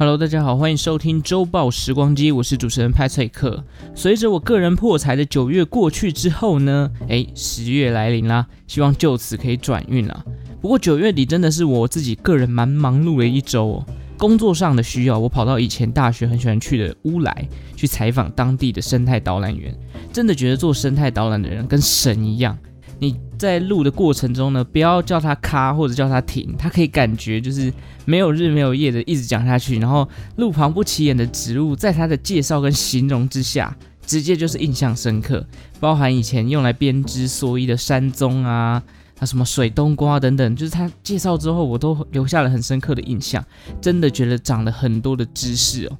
Hello，大家好，歡迎收聽周報時光機，我是主持人派翠克。隨着我個人破財的九月過去之後呢，誒，十月來臨啦，希望就此可以轉運啦。不過九月底真的是我自己個人蠻忙碌的一周哦，工作上的需要，我跑到以前大學很喜歡去的烏來去採訪當地的生態導覽員，真的覺得做生態導覽的人跟神一樣。你在錄的過程中呢，不要叫它咔或者叫它停，它可以感覺就是沒有日沒有夜的一直講下去。然後路旁不起眼的植物，在它的介紹跟形容之下，直接就是印象深刻。包含以前用來編織蓑衣的山棕啊，什麼水冬瓜等等，就是它介紹之後，我都留下了很深刻的印象。真的覺得長了很多的知識哦。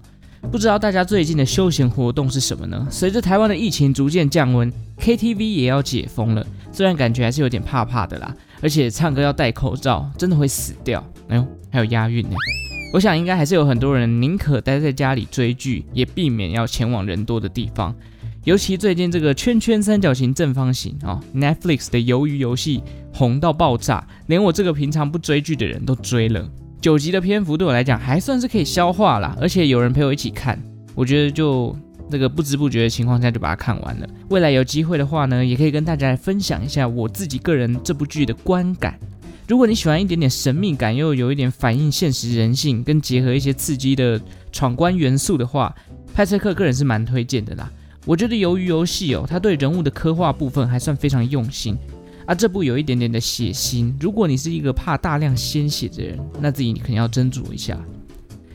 不知道大家最近的休閒活動是什麼呢？隨着台灣的疫情逐漸降溫，KTV 也要解封了，雖然感覺還是有點怕怕的啦。而且唱歌要戴口罩，真的會死掉。哎呦，還有押韻呢欸。我想應該還是有很多人寧可待在家裡追劇，也避免要前往人多的地方。尤其最近這個圈圈、三角形、正方形哦，Netflix 的《魷魚遊戲》紅到爆炸，連我這個平常不追劇的人都追了。九集的篇幅對我來講還算是可以消化啦，而且有人陪我一起看，我覺得就那個不知不覺的情況下就把它看完了。未來有機會的話呢，也可以跟大家來分享一下我自己個人這部劇的觀感。如果你喜歡一點點神秘感，又有一點反映現實人性，跟結合一些刺激的闖關元素的話，派翠克個人是蠻推薦的啦。我覺得魷魚遊戲哦，它對人物的刻畫部分還算非常用心。而、啊、這部有一點點的血腥，如果你是一個怕大量鮮血的人，那自己你肯定要斟酌一下。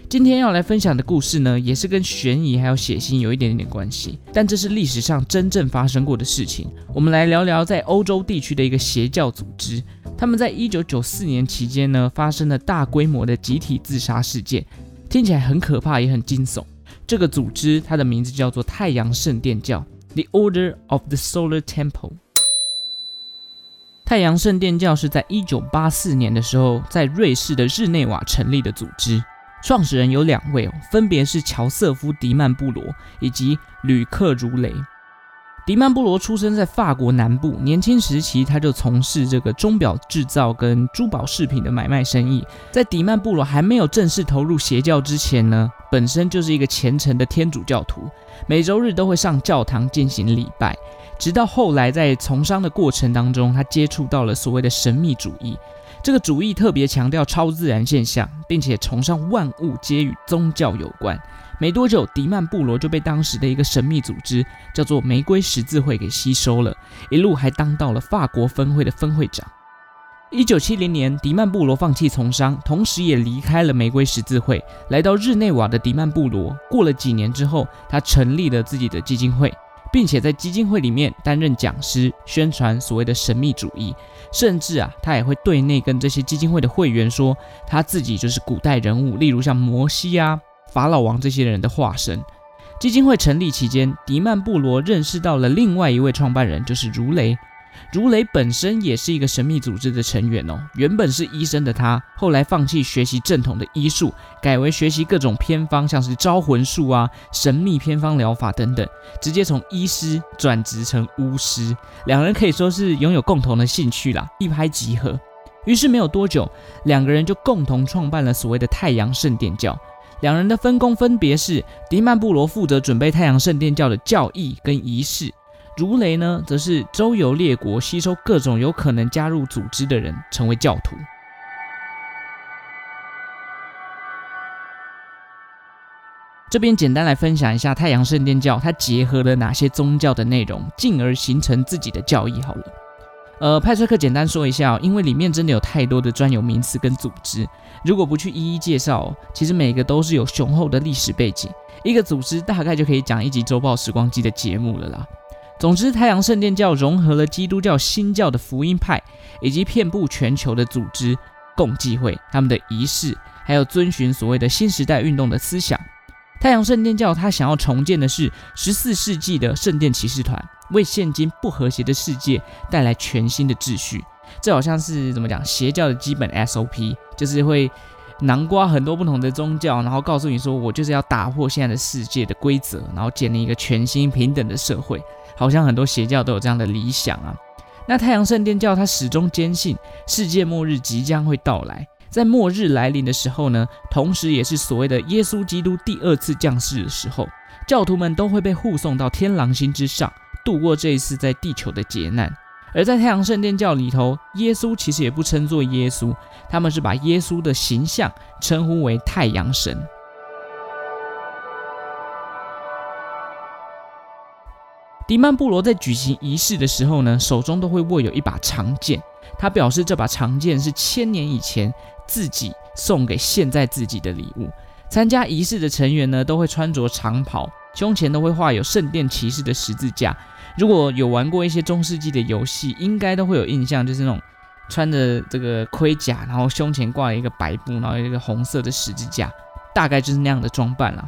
今天要來分享的故事呢，也是跟懸疑還有血腥有一點點關係，但這是歷史上真正發生過的事情。我們來聊聊在歐洲地區的一個邪教組織，他們在1994年期間呢發生了大規模的集體自殺事件，聽起來很可怕，也很驚悚。這個組織它的名字叫做太陽聖殿教，The Order of the Solar Temple。太陽聖殿教是在一九八四年的時候，在瑞士的日內瓦成立的組織。創始人有兩位，分別是喬瑟夫·迪曼布羅以及呂克·茹雷。迪曼布羅出生在法國南部，年輕時期他就從事這個鐘錶製造跟珠寶飾品的買賣生意。在迪曼布羅還沒有正式投入邪教之前呢，本身就是一個虔誠的天主教徒，每週日都會上教堂進行禮拜。直到後來，在從商的過程當中，他接觸到了所謂的神秘主義。這個主義特別強調超自然現象，並且崇尚萬物皆與宗教有關。沒多久，迪曼布羅就被當時的一個神秘組織，叫做玫瑰十字會，給吸收了。一路還當到了法國分會的分會長。一九七零年，迪曼布羅放棄從商，同時也離開了玫瑰十字會，來到日內瓦的迪曼布羅。過了幾年之後，他成立了自己的基金會。並且在基金會裡面擔任講師，宣傳所謂的神秘主義，甚至啊，他也會對內跟這些基金會的會員說，他自己就是古代人物，例如像摩西啊、法老王這些人的化身。基金會成立期間，迪曼布羅認識到了另外一位創辦人，就是如雷。如雷本身也是一個神秘組織的成員哦。原本是醫生的他，後來放棄學習正統的醫術，改為學習各種偏方，像是招魂術啊、神秘偏方療法等等，直接從醫師轉職成巫師。兩人可以說是擁有共同的興趣啦，一拍即合。於是沒有多久，兩個人就共同創辦了所謂的太陽聖殿教。兩人的分工分別是：迪曼布羅負責準備太陽聖殿教的教義跟儀式。如雷呢，則是周遊列國，吸收各種有可能加入組織的人成為教徒。這邊簡單來分享一下太陽聖殿教，它結合了哪些宗教的內容，進而形成自己的教義。好了，呃，派翠克簡單說一下、哦，因為裡面真的有太多的專有名詞跟組織，如果不去一一介紹、哦，其實每個都是有雄厚的歷史背景。一個組織大概就可以講一集《週報時光機》的節目了啦。總之，太陽聖殿教融合了基督教新教的福音派，以及遍布全球的組織共濟會，他們的儀式，還有遵循所謂的新時代運動的思想。太陽聖殿教他想要重建的是十四世紀的聖殿騎士團，為現今不和諧的世界帶來全新的秩序。這好像是怎麼講？邪教的基本 SOP 就是會囊括很多不同的宗教，然後告訴你說，我就是要打破現在的世界的規則，然後建立一個全新平等的社會。好像很多邪教都有這樣的理想啊。那太陽聖殿教他始終堅信世界末日即將會到來，在末日來臨的時候呢，同時也是所謂的耶穌基督第二次降世的時候，教徒們都會被護送到天狼星之上，度過這一次在地球的劫難。而在太陽聖殿教裡頭，耶穌其實也不稱作耶穌，他們是把耶穌的形象稱呼為太陽神。迪曼布羅在舉行儀式的時候呢，手中都會握有一把長劍。他表示，這把長劍是千年以前自己送給現在自己的禮物。參加儀式的成員呢，都會穿着長袍，胸前都會畫有聖殿騎士的十字架。如果有玩過一些中世紀的遊戲，應該都會有印象，就是那種穿着這個盔甲，然後胸前掛了一個白布，然後一個紅色的十字架，大概就是那樣的裝扮啦。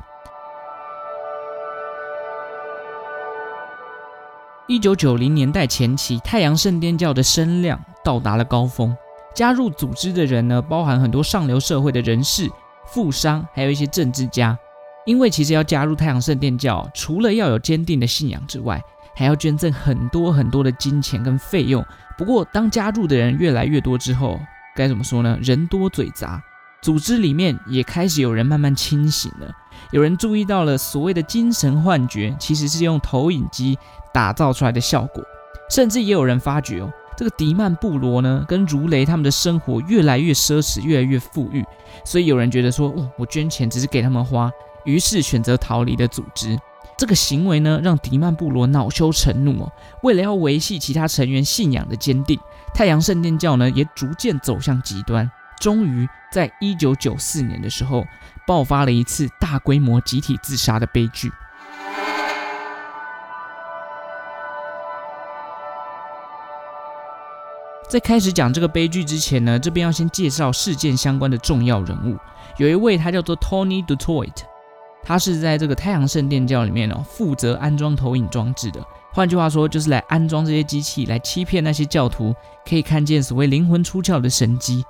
一九九零年代前期，太陽聖殿教的聲量到達了高峰。加入組織的人呢，包含很多上流社會的人士、富商，還有一些政治家。因為其實要加入太陽聖殿教，除了要有堅定的信仰之外，還要捐贈很多很多的金錢跟費用。不過，當加入的人越來越多之後，該怎麼說呢？人多嘴雜，組織裡面也開始有人慢慢清醒了。有人注意到了，所謂的精神幻覺，其實是用投影機。打造出來的效果，甚至也有人發覺哦，這個迪曼布羅呢，跟如雷他們的生活越來越奢侈，越來越富裕，所以有人覺得說，哦，我捐錢只是給他們花，於是選擇逃離的組織。這個行為呢，讓迪曼布羅惱羞成怒哦。為了要維繫其他成員信仰的堅定，太陽聖殿教呢，也逐漸走向極端。終於，在一九九四年的時候，爆發了一次大規模集體自殺的悲劇。在開始講這個悲劇之前呢，這邊要先介紹事件相關的重要人物，有一位他叫做 Tony Dutoit，他是在這個太陽聖殿教裡面哦，負責安裝投影裝置的，換句話說就是來安裝這些機器來欺騙那些教徒，可以看見所謂靈魂出竅的神蹟。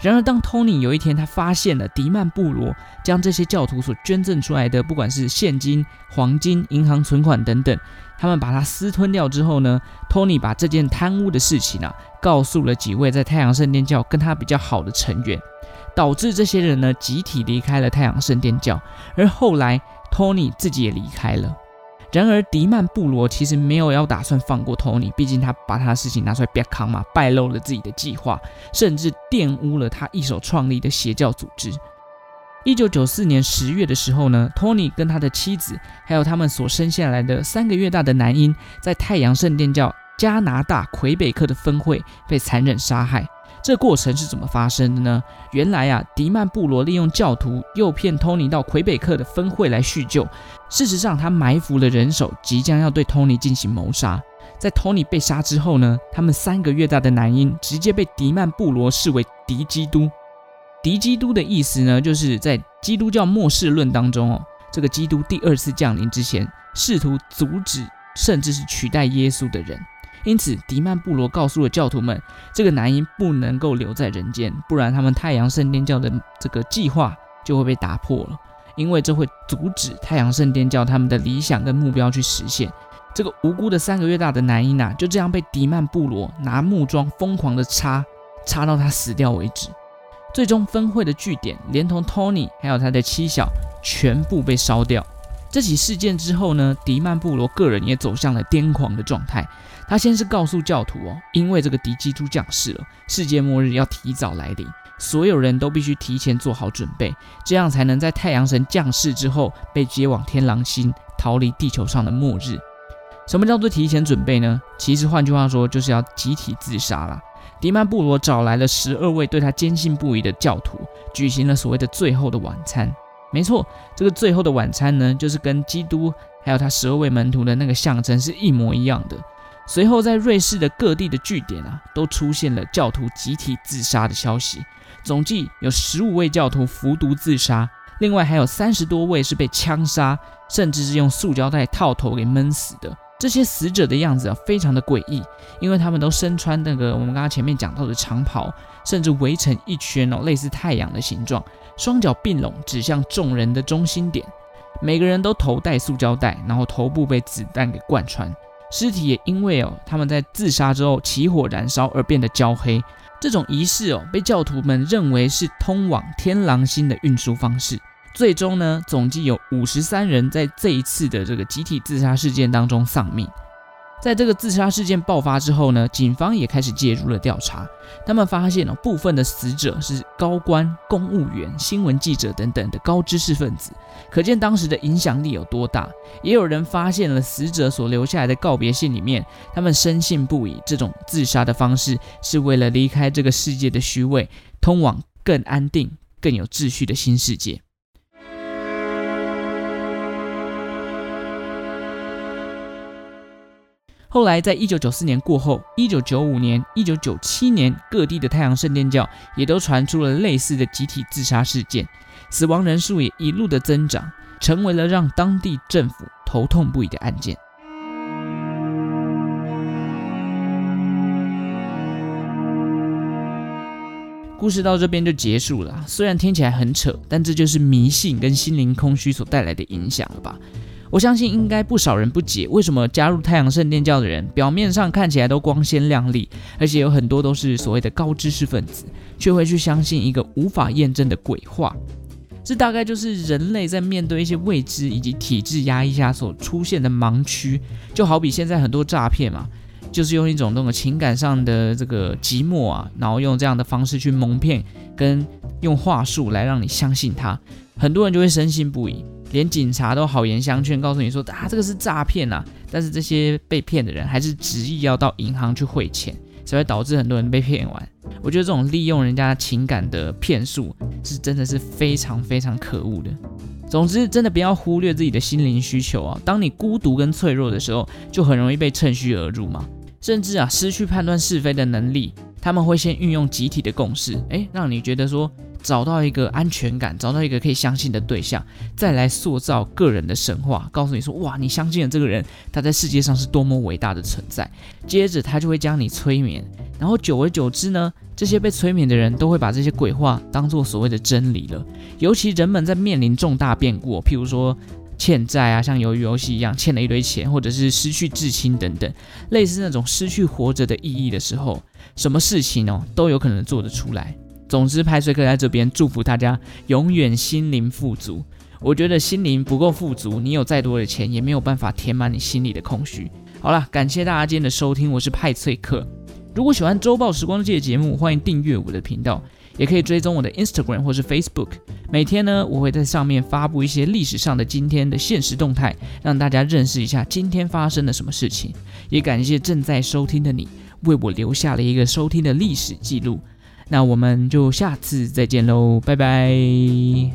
然而，當托尼有一天他發現了迪曼布羅將這些教徒所捐贈出來的，不管是現金、黃金、銀行存款等等，他們把它私吞掉之後呢，托尼把這件貪污的事情啊，告訴了幾位在太陽聖殿教跟他比較好的成員，導致這些人呢集體離開了太陽聖殿教，而後來托尼自己也離開了。然而，迪曼布羅其實沒有要打算放過托尼，畢竟他把他的事情拿出來曝光嘛，敗露了自己的計劃，甚至玷汙了他一手創立的邪教組織。一九九四年十月的時候呢，托尼跟他的妻子，還有他們所生下來的三個月大的男嬰，在太陽聖殿教加拿大魁北克的分會被殘忍殺害。這過程是怎麼發生的呢？原來啊，迪曼布羅利用教徒誘騙托尼到魁北克的分會來敘舊。事實上，他埋伏了人手，即將要對托尼進行謀殺。在托尼被殺之後呢，他們三個月大的男嬰直接被迪曼布羅視為敵基督。敵基督的意思呢，就是在基督教末世論當中哦，這個基督第二次降臨之前，試圖阻止甚至是取代耶穌的人。因此，迪曼布羅告訴了教徒們，這個男嬰不能夠留在人間，不然他們太陽聖殿教的這個計劃就會被打破了，因為這會阻止太陽聖殿教他們的理想跟目標去實現。這個無辜的三個月大的男嬰啊，就這樣被迪曼布羅拿木樁瘋狂的插，插到他死掉為止。最終，分會的據點連同托尼還有他的妻小全部被燒掉。這起事件之後呢，迪曼布羅個人也走向了癲狂的狀態。他先是告訴教徒：“哦，因為這個敵基督降世了，世界末日要提早來臨，所有人都必須提前做好準備，這樣才能在太陽神降世之後被接往天狼星，逃離地球上的末日。”什麼叫做提前準備呢？其實換句話說，就是要集體自殺啦。迪曼布羅找來了十二位對他堅信不疑的教徒，舉行了所謂的最後的晚餐。沒錯，這個最後的晚餐呢，就是跟基督還有他十二位門徒的那個象徵是一模一樣的。隨後，在瑞士的各地的據點啊，都出現了教徒集體自殺的消息。總計有十五位教徒服毒自殺，另外還有三十多位是被槍殺，甚至是用塑膠袋套頭給悶死的。這些死者的樣子啊，非常的詭異，因為他們都身穿那個我們剛剛前面講到的長袍，甚至圍成一圈哦，類似太陽的形狀，雙腳併攏指向眾人的中心點，每個人都頭戴塑膠袋，然後頭部被子彈給貫穿。屍體也因為哦，他們在自殺之後起火燃燒而變得焦黑。這種儀式哦，被教徒們認為是通往天狼星的運輸方式。最終呢，總計有五十三人在這一次的這個集體自殺事件當中喪命。在這個自殺事件爆發之後呢，警方也開始介入了調查。他們發現了、喔、部分的死者是高官、公務員、新聞記者等等的高知識分子，可見當時的影響力有多大。也有人發現了死者所留下來的告別信裡面，他們深信不疑，這種自殺的方式是為了離開這個世界的虛偽，通往更安定、更有秩序的新世界。後來，在一九九四年過後，一九九五年、一九九七年，各地的太陽聖殿教也都傳出了類似的集體自殺事件，死亡人數也一路的增長，成為了讓當地政府頭痛不已的案件。故事到這邊就結束了，雖然聽起來很扯，但這就是迷信跟心靈空虛所帶來的影響了吧。我相信應該不少人不解，為什麼加入太陽聖殿教的人表面上看起來都光鮮亮麗，而且有很多都是所謂的高知識分子，卻會去相信一個無法驗證的鬼話？這大概就是人類在面對一些未知以及體制壓抑下所出現的盲區，就好比現在很多詐騙嘛。就是用一種那種情感上的這個寂寞啊，然後用這樣的方式去蒙騙，跟用話術來讓你相信他，很多人就會深信不疑，連警察都好言相勸，告訴你說啊這個是詐騙啊。但是這些被騙的人還是執意要到銀行去匯錢，所以會導致很多人被騙完。我覺得這種利用人家情感的騙術是真的是非常非常可惡的。總之，真的不要忽略自己的心靈需求啊，當你孤獨跟脆弱的時候，就很容易被趁虛而入嘛。甚至啊，失去判斷是非的能力，他們會先運用集體的共識，誒，讓你覺得說找到一個安全感，找到一個可以相信的對象，再來塑造個人的神話，告訴你說，哇，你相信的這個人，他在世界上是多麼偉大的存在。接着他就會將你催眠，然後久而久之呢，這些被催眠的人都會把這些鬼話當做所謂的真理了。尤其人們在面臨重大變故，譬如說，欠債啊，像《魷魚遊戲》一樣欠了一堆錢，或者是失去至親等等，類似那種失去活着的意義的時候，什麼事情哦、喔、都有可能做得出來。總之，派翠克在這邊祝福大家永遠心靈富足。我覺得心靈不夠富足，你有再多的錢也沒有辦法填滿你心裡的空虛。好啦，感謝大家今天的收聽，我是派翠克。如果喜歡《周報時光界》節目，歡迎訂閱我的頻道。也可以追蹤我的 Instagram 或是 Facebook，每天呢，我會在上面發布一些歷史上的今天的限時動態，讓大家認識一下今天發生了什麼事情。也感謝正在收聽的你，為我留下了一個收聽的歷史記錄。那我們就下次再見嘍，拜拜。